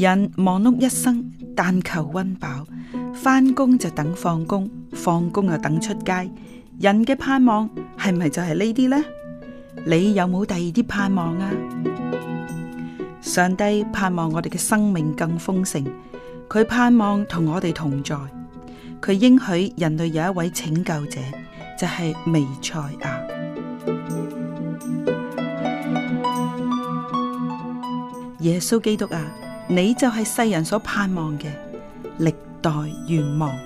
人忙碌一生，但求溫飽，翻工就等放工，放工又等出街。人嘅盼望係咪就係呢啲呢？你有冇第二啲盼望啊？上帝盼望我哋嘅生命更豐盛，佢盼望同我哋同在，佢應許人類有一位拯救者，就係彌賽亞，耶穌基督啊！你就係世人所盼望嘅歷代願望。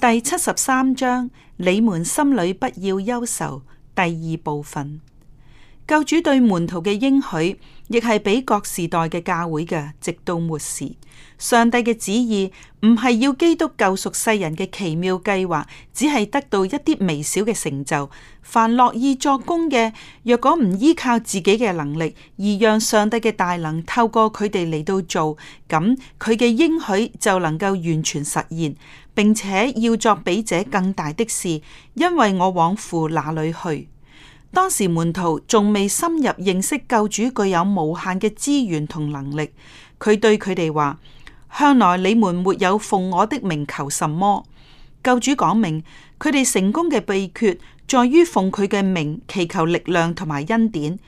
第七十三章，你們心裏不要憂愁。第二部分，救主對門徒嘅應許。亦係比各時代嘅教會嘅，直到末時，上帝嘅旨意唔係要基督救贖世人嘅奇妙計劃，只係得到一啲微小嘅成就。凡樂意作工嘅，若果唔依靠自己嘅能力，而讓上帝嘅大能透過佢哋嚟到做，咁佢嘅應許就能夠完全實現，並且要作比這更大的事，因為我往父那裏去。當時門徒仲未深入認識救主具有無限嘅資源同能力，佢對佢哋話：向來你們沒有奉我的名求什麼。救主講明，佢哋成功嘅秘訣在於奉佢嘅名祈求力量同埋恩典。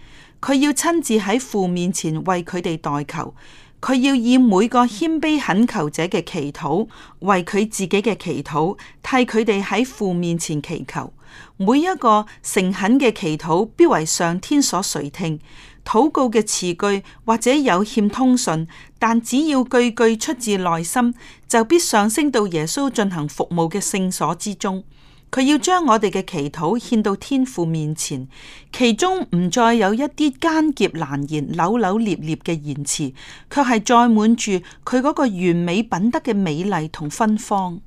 佢要親自喺父面前為佢哋代求，佢要以每個謙卑懇求者嘅祈禱為佢自己嘅祈禱，替佢哋喺父面前祈求。每一個誠懇嘅祈禱必為上天所垂聽，禱告嘅詞句或者有欠通順，但只要句句出自內心，就必上升到耶穌進行服務嘅聖所之中。佢要將我哋嘅祈禱獻到天父面前，其中唔再有一啲艱澀難言、扭扭捏捏嘅言辭，卻係載滿住佢嗰個完美品德嘅美麗同芬芳。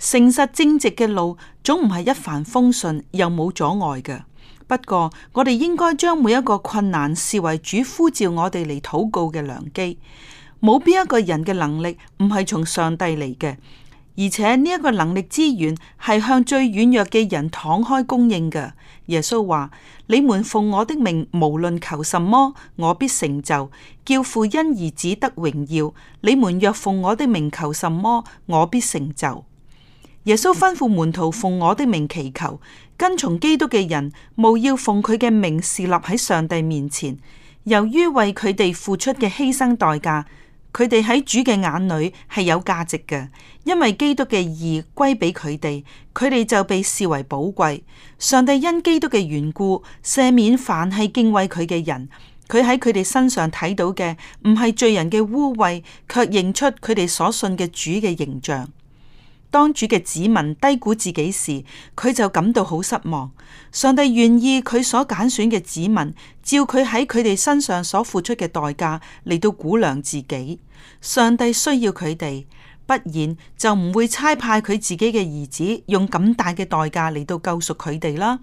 誠實正直嘅路總唔係一帆風順，又冇阻礙嘅。不過，我哋應該將每一個困難視為主呼召我哋嚟禱告嘅良機。冇邊一個人嘅能力唔係從上帝嚟嘅，而且呢一個能力資源係向最軟弱嘅人敞開供應嘅。耶穌話：你們奉我的名，無論求什麼，我必成就；叫父因兒子得榮耀。你們若奉我的名求什麼，我必成就。耶穌吩咐門徒奉我的名祈求，跟從基督嘅人，務要奉佢嘅名事立喺上帝面前。由於為佢哋付出嘅犧牲代價，佢哋喺主嘅眼裏係有價值嘅，因為基督嘅義歸俾佢哋，佢哋就被視為寶貴。上帝因基督嘅緣故，赦免凡係敬畏佢嘅人。佢喺佢哋身上睇到嘅唔係罪人嘅污穢，卻認出佢哋所信嘅主嘅形象。當主嘅子民低估自己時，佢就感到好失望。上帝願意佢所揀選嘅子民，照佢喺佢哋身上所付出嘅代價嚟到估量自己。上帝需要佢哋，不然就唔會差派佢自己嘅兒子用咁大嘅代價嚟到救贖佢哋啦。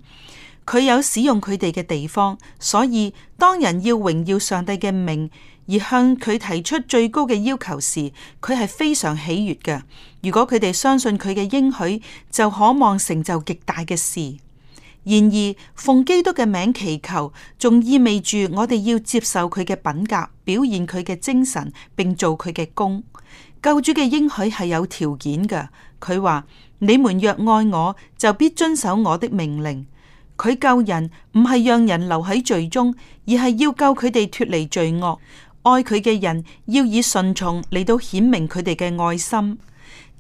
佢有使用佢哋嘅地方，所以當人要榮耀上帝嘅名。而向佢提出最高嘅要求時，佢係非常喜悅嘅。如果佢哋相信佢嘅應許，就可望成就極大嘅事。然而，奉基督嘅名祈求，仲意味住我哋要接受佢嘅品格，表現佢嘅精神，並做佢嘅工。救主嘅應許係有條件嘅。佢話：你們若愛我，就必遵守我的命令。佢救人唔係讓人留喺罪中，而係要救佢哋脫離罪惡。愛佢嘅人要以順從嚟到顯明佢哋嘅愛心。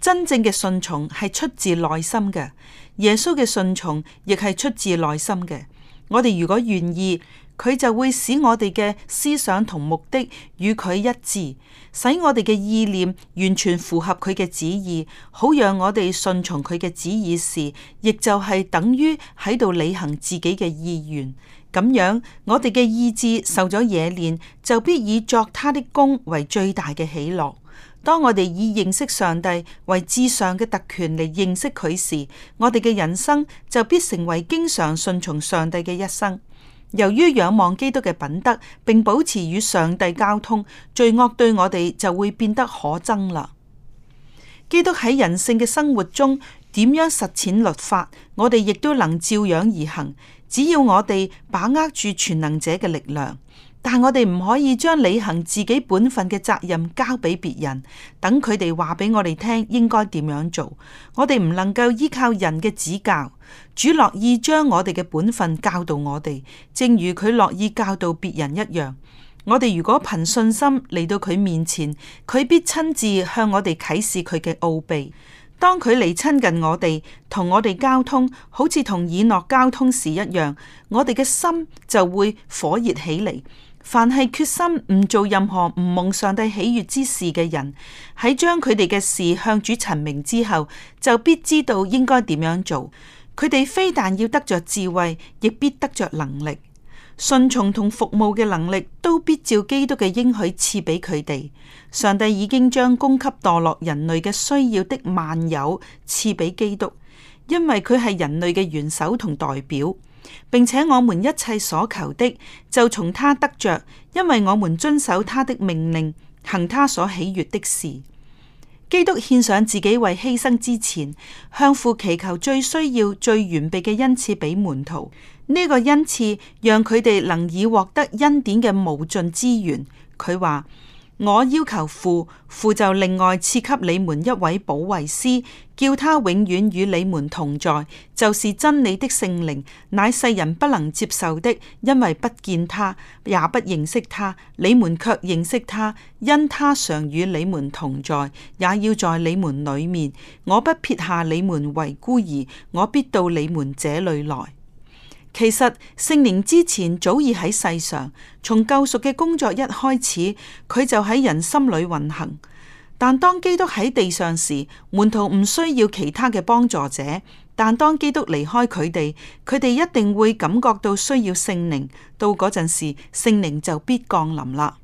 真正嘅順從係出自內心嘅，耶穌嘅順從亦係出自內心嘅。我哋如果願意，佢就會使我哋嘅思想同目的與佢一致，使我哋嘅意念完全符合佢嘅旨意。好讓我哋順從佢嘅旨意時，亦就係等於喺度履行自己嘅意願。咁樣，我哋嘅意志受咗冶煉，就必以作他的功為最大嘅喜樂。當我哋以認識上帝為至上嘅特權嚟認識佢時，我哋嘅人生就必成為經常順從上帝嘅一生。由於仰望基督嘅品德，並保持與上帝交通，罪惡對我哋就會變得可憎啦。基督喺人性嘅生活中點樣實踐律法，我哋亦都能照樣而行。只要我哋把握住全能者嘅力量，但我哋唔可以將履行自己本分嘅責任交俾別人，等佢哋話俾我哋聽應該點樣做。我哋唔能夠依靠人嘅指教。主樂意將我哋嘅本分教導我哋，正如佢樂意教導別人一樣。我哋如果憑信心嚟到佢面前，佢必親自向我哋啟示佢嘅奧秘。當佢嚟，親近我哋，同我哋交通，好似同以諾交通時一樣，我哋嘅心就會火熱起嚟。凡係決心唔做任何唔蒙上帝喜悅之事嘅人，喺將佢哋嘅事向主陳明之後，就必知道應該點樣做。佢哋非但要得着智慧，亦必得着能力。順從同服務嘅能力，都必照基督嘅應許賜俾佢哋。上帝已經將供給墮落人類嘅需要的萬有賜俾基督，因為佢係人類嘅元首同代表，並且我們一切所求的就從他得着，因為我們遵守他的命令，行他所喜悅的事。基督獻上自己為犧牲之前，向父祈求最需要、最完備嘅恩賜俾門徒。呢個恩賜讓佢哋能以獲得恩典嘅無盡資源。佢話。我要求父，父就另外賜給你們一位保惠師，叫他永遠與你們同在，就是真理的聖靈，乃世人不能接受的，因為不見他，也不認識他。你們卻認識他，因他常與你們同在，也要在你們裏面。我不撇下你們為孤兒，我必到你們這裡來。其實聖靈之前早已喺世上，從救贖嘅工作一開始，佢就喺人心裏運行。但當基督喺地上時，門徒唔需要其他嘅幫助者。但當基督離開佢哋，佢哋一定會感覺到需要聖靈。到嗰陣時，聖靈就必降臨啦。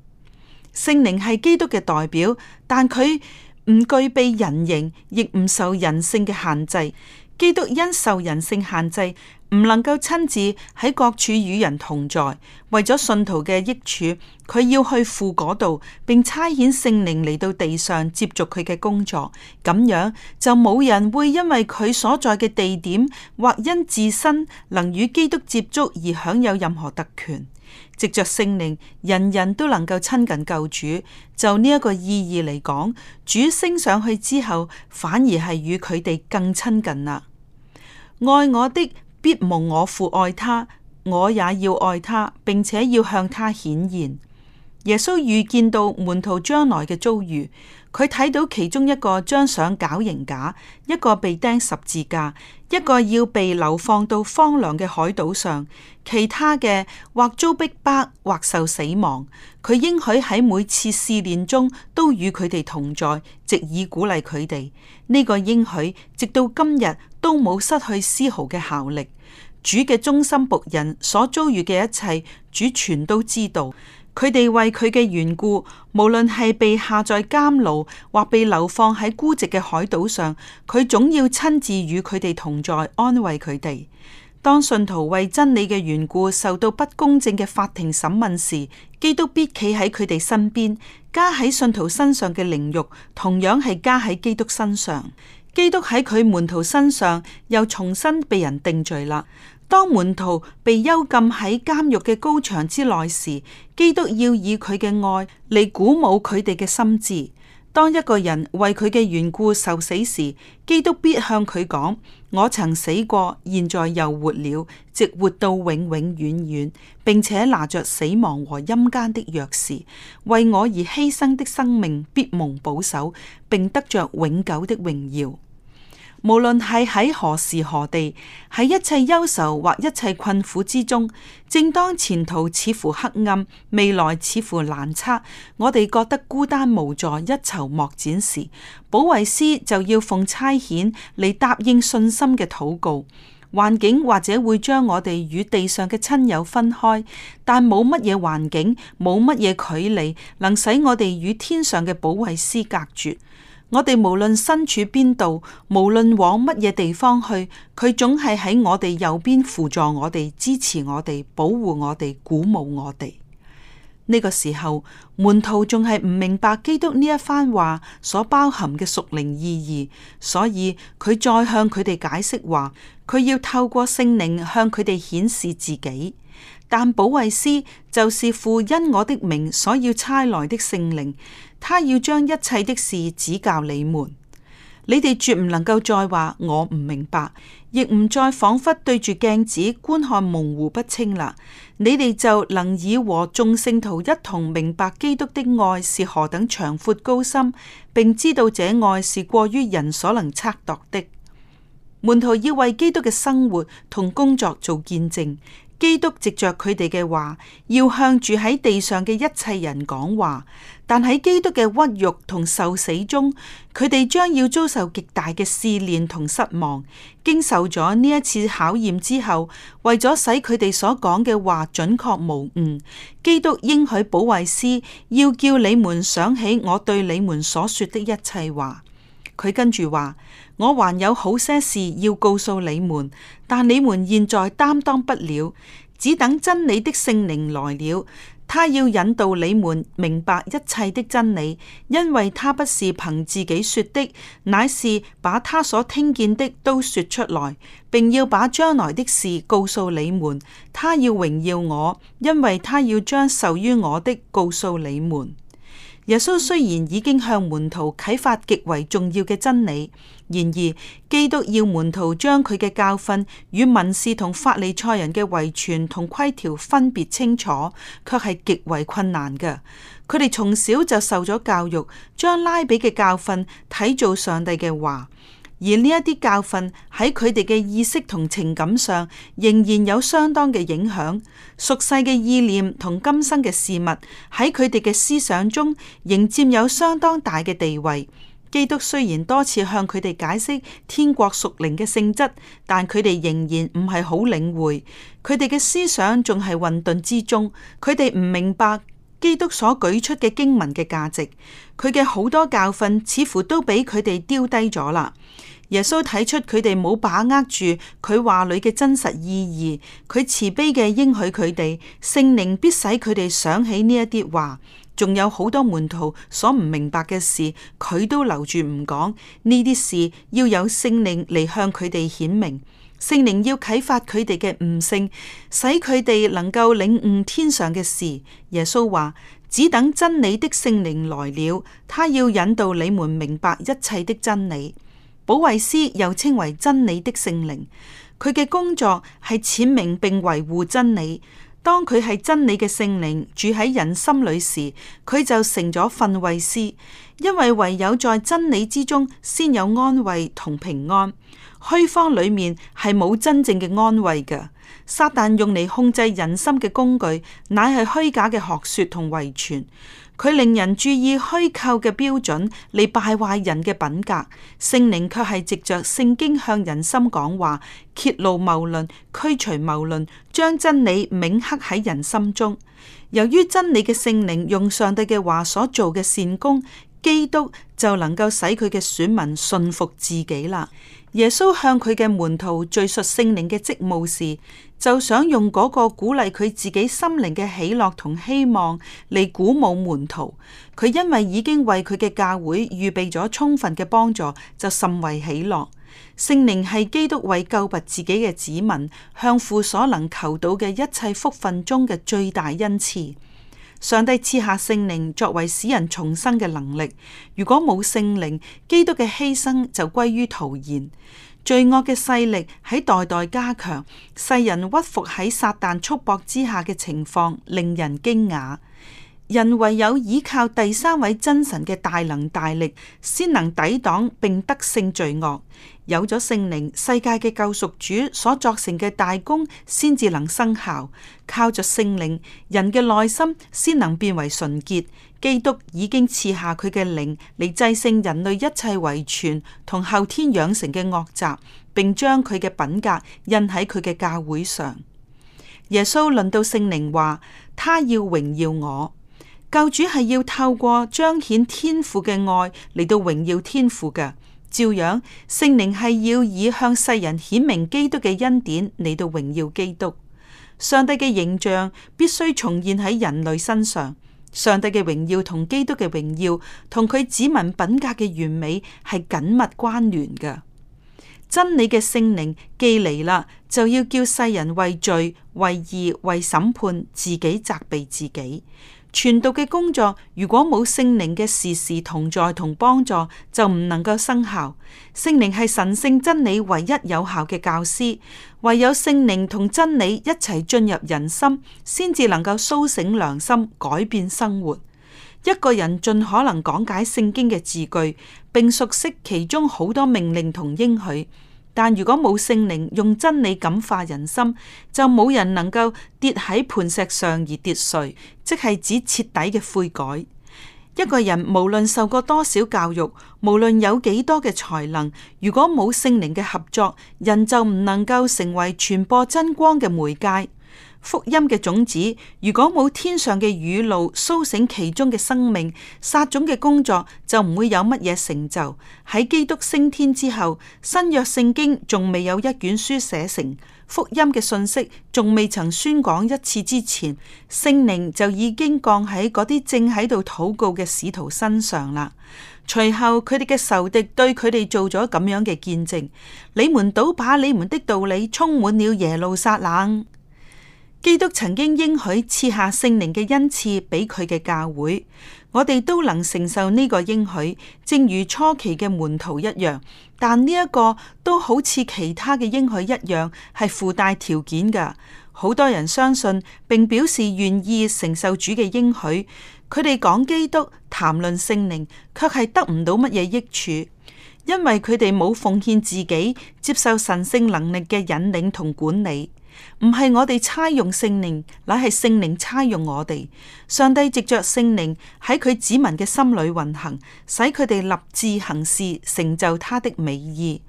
聖靈係基督嘅代表，但佢唔具備人形，亦唔受人性嘅限制。基督因受人性限制。唔能夠親自喺各處與人同在，為咗信徒嘅益處，佢要去父嗰度，並差遣聖靈嚟到地上接續佢嘅工作。咁樣就冇人會因為佢所在嘅地點或因自身能與基督接觸而享有任何特權。藉着聖靈，人人都能夠親近救主。就呢一個意義嚟講，主升上去之後，反而係與佢哋更親近啦。愛我的。必蒙我父愛他，我也要愛他，並且要向他顯現。耶穌預見到門徒將來嘅遭遇，佢睇到其中一個將上絞刑架，一個被釘十字架。一個要被流放到荒涼嘅海島上，其他嘅或遭逼迫，或受死亡。佢應許喺每次試煉中都與佢哋同在，藉以鼓勵佢哋。呢、這個應許直到今日都冇失去絲毫嘅效力。主嘅忠心僕人所遭遇嘅一切，主全都知道。佢哋為佢嘅緣故，無論係被下在監牢或被流放喺孤寂嘅海島上，佢總要親自與佢哋同在，安慰佢哋。當信徒為真理嘅緣故受到不公正嘅法庭審問時，基督必企喺佢哋身邊，加喺信徒身上嘅凌辱，同樣係加喺基督身上。基督喺佢門徒身上，又重新被人定罪啦。當門徒被幽禁喺監獄嘅高牆之內時，基督要以佢嘅愛嚟鼓舞佢哋嘅心智。當一個人為佢嘅緣故受死時，基督必向佢講：我曾死過，現在又活了，直活到永永遠遠，遠，並且拿着死亡和陰間的鑰匙。為我而犧牲的生命必蒙保守，並得着永久的榮耀。無論係喺何時何地，喺一切憂愁或一切困苦之中，正當前途似乎黑暗，未來似乎難測，我哋覺得孤單無助、一籌莫展時，保惠師就要奉差遣嚟答應信心嘅禱告。環境或者會將我哋與地上嘅親友分開，但冇乜嘢環境，冇乜嘢距離，能使我哋與天上嘅保惠師隔絕。我哋無論身處邊度，無論往乜嘢地方去，佢總係喺我哋右邊輔助我哋、支持我哋、保護我哋、鼓舞我哋。呢、這個時候，門徒仲係唔明白基督呢一番話所包含嘅屬靈意義，所以佢再向佢哋解釋話，佢要透過聖靈向佢哋顯示自己。但保惠師就是父因我的名所要差來的聖靈，他要將一切的事指教你們。你哋絕唔能夠再話我唔明白，亦唔再仿佛對住鏡子觀看模糊不清啦。你哋就能以和眾聖徒一同明白基督的愛是何等長闊高深，並知道這愛是過於人所能測度的。門徒要為基督嘅生活同工作做見證。基督藉着佢哋嘅話，要向住喺地上嘅一切人講話。但喺基督嘅屈辱同受死中，佢哋將要遭受極大嘅試煉同失望。經受咗呢一次考驗之後，為咗使佢哋所講嘅話準確無誤，基督應許保衛師要叫你們想起我對你們所說的一切話。佢跟住話：我還有好些事要告訴你們，但你們現在擔當不了，只等真理的聖靈來了，他要引導你們明白一切的真理，因為他不是憑自己說的，乃是把他所聽見的都說出來，並要把將來的事告訴你們。他要榮耀我，因為他要將受於我的告訴你們。耶穌雖然已經向門徒啟發極為重要嘅真理，然而基督要門徒將佢嘅教訓與文士同法利賽人嘅遺傳同規條分別清楚，卻係極為困難嘅。佢哋從小就受咗教育，將拉比嘅教訓睇做上帝嘅話。而呢一啲教訓喺佢哋嘅意識同情感上，仍然有相當嘅影響。俗世嘅意念同今生嘅事物喺佢哋嘅思想中，仍佔有相當大嘅地位。基督雖然多次向佢哋解釋天國屬靈嘅性質，但佢哋仍然唔係好領會，佢哋嘅思想仲係混沌之中，佢哋唔明白。基督所舉出嘅經文嘅價值，佢嘅好多教訓似乎都俾佢哋丟低咗啦。耶穌睇出佢哋冇把握住佢話裏嘅真實意義，佢慈悲嘅應許佢哋，聖靈必使佢哋想起呢一啲話，仲有好多門徒所唔明白嘅事，佢都留住唔講。呢啲事要有聖靈嚟向佢哋顯明。聖靈要啟發佢哋嘅悟性，使佢哋能夠領悟天上嘅事。耶穌話：只等真理的聖靈來了，他要引導你們明白一切的真理。保惠師又稱為真理的聖靈，佢嘅工作係闡明並維護真理。當佢係真理嘅聖靈住喺人心裏時，佢就成咗訓慰師，因為唯有在真理之中，先有安慰同平安。虛荒裏面係冇真正嘅安慰嘅。撒旦用嚟控制人心嘅工具，乃係虛假嘅學說同遺傳。佢令人注意虛構嘅標準嚟敗壞人嘅品格，聖靈卻係藉着聖經向人心講話，揭露謬論，驅除謬論，將真理銘刻喺人心中。由於真理嘅聖靈用上帝嘅話所做嘅善功，基督就能夠使佢嘅選民信服自己啦。耶穌向佢嘅門徒敘述聖靈嘅職務時，就想用嗰個鼓勵佢自己心靈嘅喜樂同希望嚟鼓舞門徒。佢因為已經為佢嘅教會預備咗充分嘅幫助，就甚為喜樂。聖靈係基督為救拔自己嘅子民，向父所能求到嘅一切福分中嘅最大恩賜。上帝賜下聖靈作為使人重生嘅能力。如果冇聖靈，基督嘅犧牲就歸於徒然。罪惡嘅勢力喺代代加強，世人屈服喺撒旦束縛之下嘅情況令人驚訝。人唯有依靠第三位真神嘅大能大力，先能抵擋並得勝罪惡。有咗聖靈，世界嘅救贖主所作成嘅大功先至能生效，靠着聖靈，人嘅內心先能變為純潔。基督已經賜下佢嘅靈嚟制勝人類一切遺傳同後天養成嘅惡習，並將佢嘅品格印喺佢嘅教會上。耶穌論到聖靈話，他要榮耀我，救主係要透過彰顯天父嘅愛嚟到榮耀天父嘅。照樣，聖靈係要以向世人顯明基督嘅恩典嚟到榮耀基督。上帝嘅形象必須重現喺人類身上。上帝嘅榮耀同基督嘅榮耀，同佢子民品格嘅完美係緊密關聯嘅。真理嘅聖靈既嚟啦，就要叫世人為罪、為義、為審判，自己責備自己。傳道嘅工作，如果冇聖靈嘅時時同在同幫助，就唔能夠生效。聖靈係神聖真理唯一有效嘅教師，唯有聖靈同真理一齊進入人心，先至能夠蘇醒良心，改變生活。一個人盡可能講解聖經嘅字句，並熟悉其中好多命令同應許。但如果冇聖靈用真理感化人心，就冇人能夠跌喺磐石上而跌碎，即係指徹底嘅悔改。一個人無論受過多少教育，無論有幾多嘅才能，如果冇聖靈嘅合作，人就唔能夠成為傳播真光嘅媒介。福音嘅種子，如果冇天上嘅雨露，蘇醒其中嘅生命，撒種嘅工作就唔會有乜嘢成就。喺基督升天之後，新約聖經仲未有一卷書寫成，福音嘅信息仲未曾宣講一次之前，聖靈就已經降喺嗰啲正喺度禱告嘅使徒身上啦。隨後佢哋嘅仇敵對佢哋做咗咁樣嘅見證：你們倒把你們的道理充滿了耶路撒冷。基督曾經應許賜下聖靈嘅恩賜俾佢嘅教會，我哋都能承受呢個應許，正如初期嘅門徒一樣。但呢一個都好似其他嘅應許一樣，係附帶條件㗎。好多人相信並表示願意承受主嘅應許，佢哋講基督，談論聖靈，卻係得唔到乜嘢益處，因為佢哋冇奉獻自己，接受神聖能力嘅引領同管理。唔係我哋差用聖靈，乃係聖靈差用我哋。上帝藉着聖靈喺佢子民嘅心裏運行，使佢哋立志行事，成就他的美意。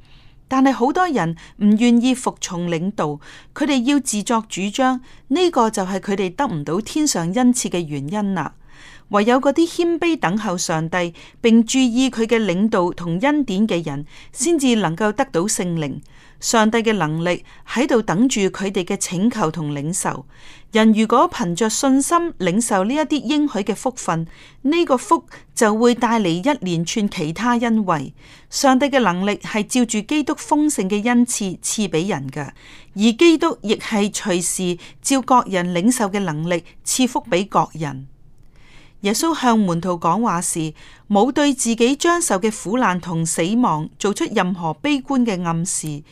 但係好多人唔願意服從領導，佢哋要自作主張，呢個就係佢哋得唔到天上恩賜嘅原因啦。唯有嗰啲謙卑等候上帝，並注意佢嘅領導同恩典嘅人，先至能夠得到聖靈。上帝嘅能力喺度等住佢哋嘅請求同領受。人如果憑着信心領受呢一啲應許嘅福分，呢個福就會帶嚟一連串其他恩惠。上帝嘅能力係照住基督豐盛嘅恩賜賜俾人嘅，而基督亦係隨時照各人領受嘅能力賜福俾各人。耶穌向門徒講話時，冇對自己將受嘅苦難同死亡做出任何悲觀嘅暗示。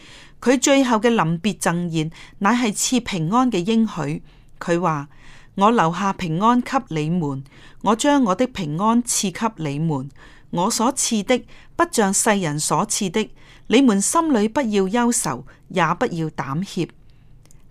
佢最後嘅臨別贈言乃係賜平安嘅應許。佢話：我留下平安給你們，我將我的平安賜給你們。我所賜的不像世人所賜的。你們心裏不要憂愁，也不要膽怯。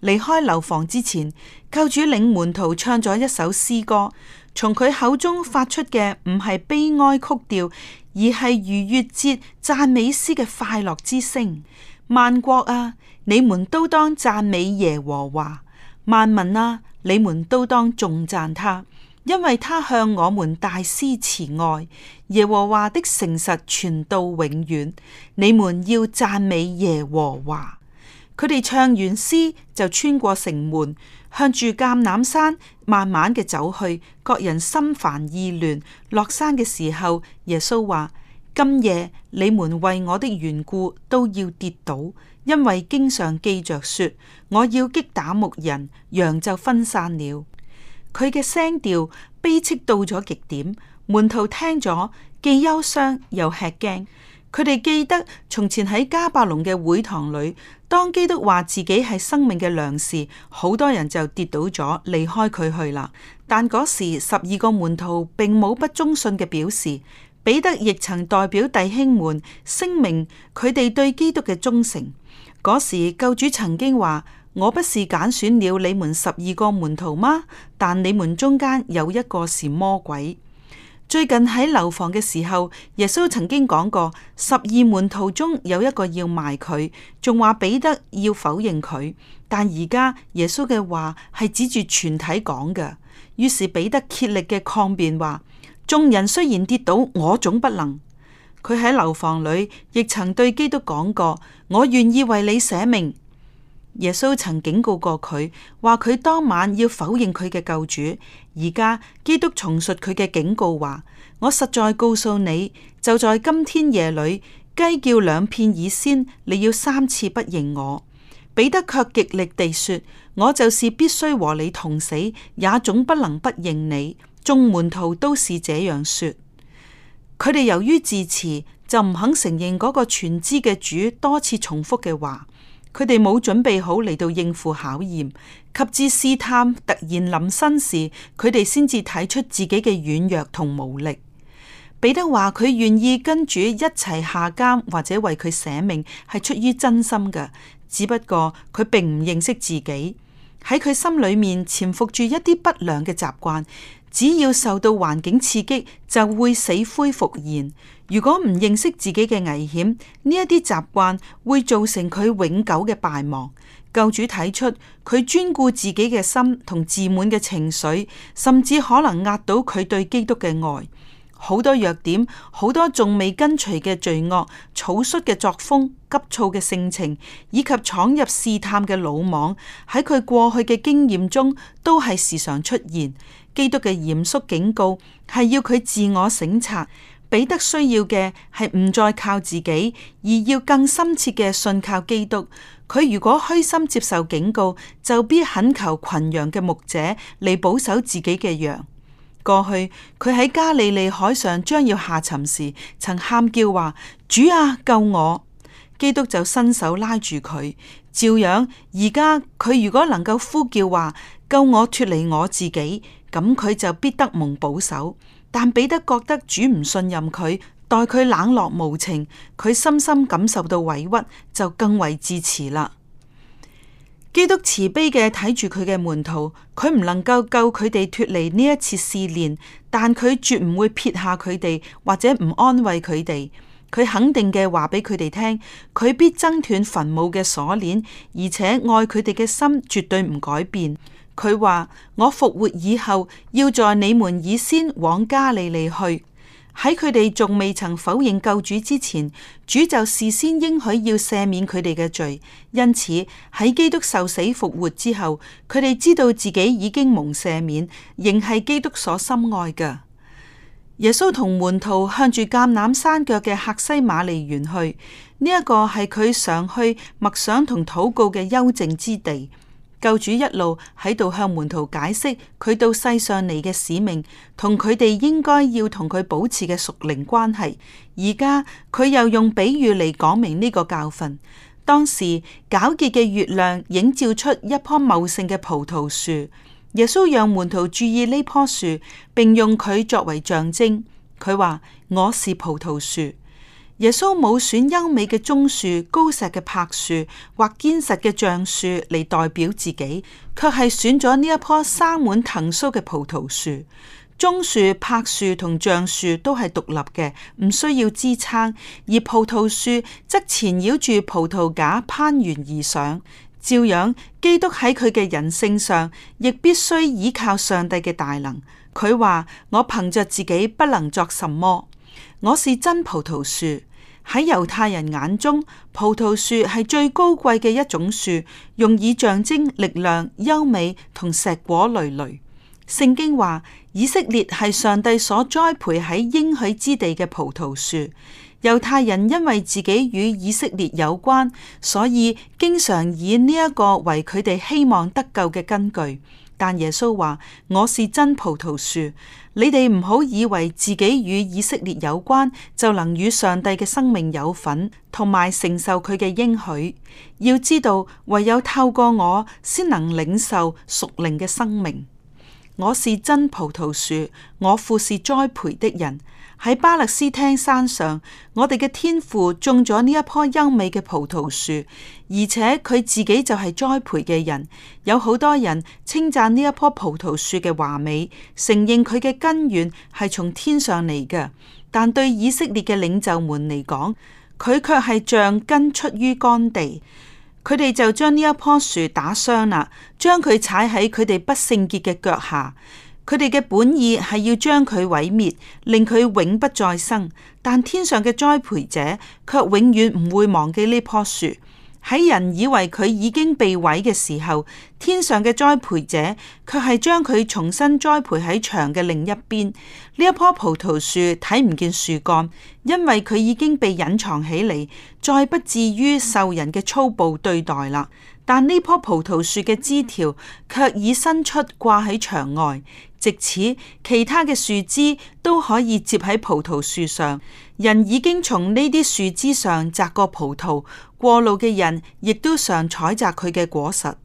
離開樓房之前，救主領門徒唱咗一首詩歌。從佢口中發出嘅唔係悲哀曲調，而係逾越節讚美詩嘅快樂之聲。萬國啊，你們都當讚美耶和華；萬民啊，你們都當重讚他，因為他向我們大施慈愛。耶和華的誠實傳到永遠，你們要讚美耶和華。佢哋唱完詩就穿過城門。向住橄欖山慢慢嘅走去，各人心煩意亂。落山嘅時候，耶穌話：今夜你們為我的緣故都要跌倒，因為經常記着說，我要擊打牧人，羊就分散了。佢嘅聲調悲戚到咗極點，門徒聽咗既憂傷又吃驚。佢哋記得從前喺迦百農嘅會堂裏。當基督話自己係生命嘅糧時，好多人就跌倒咗，離開佢去啦。但嗰時十二個門徒並冇不忠信嘅表示，彼得亦曾代表弟兄們聲明佢哋對基督嘅忠誠。嗰時救主曾經話：「我不是揀選了你們十二個門徒嗎？但你們中間有一個是魔鬼。最近喺樓房嘅時候，耶穌曾經講過，十二門徒中有一個要賣佢，仲話彼得要否認佢。但而家耶穌嘅話係指住全體講嘅。於是彼得竭力嘅抗辯話：眾人雖然跌倒，我總不能。佢喺樓房裏亦曾對基督講過：我願意為你捨命。耶穌曾警告過佢，話佢當晚要否認佢嘅救主。而家基督重述佢嘅警告話：「我實在告訴你，就在今天夜裏，雞叫兩遍以先，你要三次不認我。」彼得卻極力地說：「我就是必須和你同死，也總不能不認你。」眾門徒都是這樣說。佢哋由於自恃，就唔肯承認嗰個全知嘅主多次重複嘅話。佢哋冇準備好嚟到，應付考驗，及至試探突然臨身時，佢哋先至睇出自己嘅軟弱同無力。彼得話佢願意跟住一齊下監或者為佢捨命，係出於真心嘅，只不過佢並唔認識自己，喺佢心裏面潛伏住一啲不良嘅習慣。只要受到環境刺激，就會死灰復燃。如果唔認識自己嘅危險，呢一啲習慣會造成佢永久嘅敗亡。救主睇出佢專顧自己嘅心同自滿嘅情緒，甚至可能壓倒佢對基督嘅愛。好多弱點，好多仲未根除嘅罪惡、草率嘅作風、急躁嘅性情，以及闖入試探嘅魯莽，喺佢過去嘅經驗中都係時常出現。基督嘅嚴肅警告係要佢自我省察，彼得需要嘅係唔再靠自己，而要更深切嘅信靠基督。佢如果虛心接受警告，就必懇求群羊嘅牧者嚟保守自己嘅羊。過去佢喺加利利海上將要下沉時，曾喊叫話：主啊，救我！基督就伸手拉住佢，照樣。而家佢如果能夠呼叫話：救我脫離我自己，咁佢就必得蒙保守。但彼得覺得主唔信任佢，待佢冷落無情，佢深深感受到委屈，就更為自持啦。基督慈悲嘅睇住佢嘅門徒，佢唔能夠救佢哋脫離呢一次試煉，但佢絕唔會撇下佢哋，或者唔安慰佢哋。佢肯定嘅話俾佢哋聽，佢必掙斷墳墓嘅鎖鏈，而且愛佢哋嘅心絕對唔改變。佢話：我復活以後，要在你們以先往加利利去。喺佢哋仲未曾否認救主之前，主就事先應許要赦免佢哋嘅罪。因此喺基督受死復活之後，佢哋知道自己已經蒙赦免，仍係基督所深愛嘅。耶穌同門徒向住橄欖山腳嘅客西馬尼園去，呢、這、一個係佢常去默想同禱告嘅幽靜之地。救主一路喺度向門徒解釋佢到世上嚟嘅使命，同佢哋應該要同佢保持嘅屬靈關係。而家佢又用比喻嚟講明呢個教訓。當時皎潔嘅月亮映照出一棵茂盛嘅葡萄樹，耶穌讓門徒注意呢棵樹，並用佢作為象徵。佢話，我是葡萄樹。耶穌冇選優美嘅棕樹、高石嘅柏樹或堅實嘅橡樹嚟代表自己，卻係選咗呢一棵生滿藤鬚嘅葡萄樹。棕樹、柏樹同橡樹都係獨立嘅，唔需要支撐，而葡萄樹則纏繞住葡萄架攀緣而上。照樣，基督喺佢嘅人性上亦必須依靠上帝嘅大能。佢話：我憑着自己不能作什麼，我是真葡萄樹。喺猶太人眼中，葡萄樹係最高貴嘅一種樹，用以象徵力量、優美同碩果累累。聖經話，以色列係上帝所栽培喺應許之地嘅葡萄樹。猶太人因為自己與以色列有關，所以經常以呢一個為佢哋希望得救嘅根據。但耶穌話：「我是真葡萄樹。」你哋唔好以為自己與以色列有關，就能與上帝嘅生命有份，同埋承受佢嘅應許。要知道，唯有透過我，先能領受屬靈嘅生命。我是真葡萄樹，我父是栽培的人。喺巴勒斯坦山上，我哋嘅天父種咗呢一棵優美嘅葡萄樹，而且佢自己就係栽培嘅人。有好多人稱讚呢一棵葡萄樹嘅華美，承認佢嘅根源係從天上嚟嘅。但對以色列嘅領袖們嚟講，佢卻係像根出於乾地。佢哋就將呢一棵樹打傷啦，將佢踩喺佢哋不聖潔嘅腳下。佢哋嘅本意係要將佢毀滅，令佢永不再生。但天上嘅栽培者卻永遠唔會忘記呢棵樹。喺人以為佢已經被毀嘅時候，天上嘅栽培者卻係將佢重新栽培喺牆嘅另一邊。呢一棵葡萄樹睇唔見樹幹，因為佢已經被隱藏起嚟，再不至於受人嘅粗暴對待啦。但呢棵葡萄樹嘅枝條卻已伸出掛喺牆外。即使其他嘅樹枝都可以接喺葡萄樹上，人已經從呢啲樹枝上摘過葡萄，過路嘅人亦都常採摘佢嘅果實。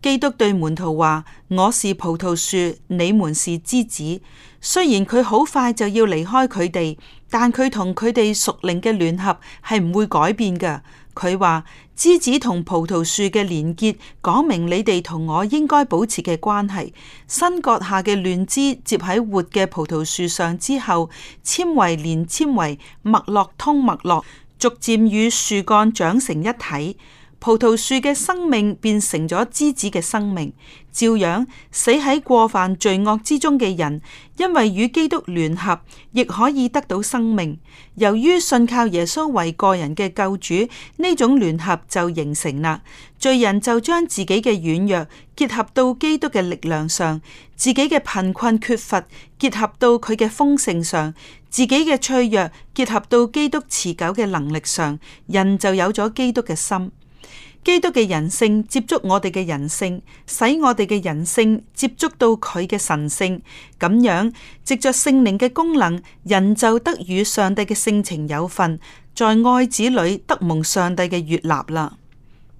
基督對門徒話，我是葡萄樹，你們是枝子。雖然佢好快就要離開佢哋，但佢同佢哋屬靈嘅聯合係唔會改變㗎。佢話：枝子同葡萄樹嘅連結，講明你哋同我應該保持嘅關係。新割下嘅嫩枝接喺活嘅葡萄樹上之後，纖維連纖維，脈絡通脈絡，逐漸與樹幹長成一體。葡萄樹嘅生命變成咗枝子嘅生命，照樣死喺過犯罪惡之中嘅人，因為與基督聯合，亦可以得到生命。由於信靠耶穌為個人嘅救主，呢種聯合就形成啦。罪人就將自己嘅軟弱結合到基督嘅力量上，自己嘅貧困缺乏結合到佢嘅豐盛上，自己嘅脆弱結合到基督持久嘅能力上，人就有咗基督嘅心。基督嘅人性接觸我哋嘅人性，使我哋嘅人性接觸到佢嘅神性，咁樣藉着聖靈嘅功能，人就得與上帝嘅性情有份，在愛子裏得蒙上帝嘅悅納啦。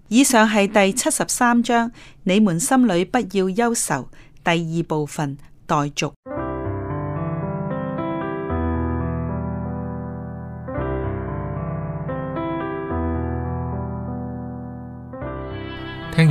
以上係第七十三章，你們心裏不要憂愁。第二部分待續。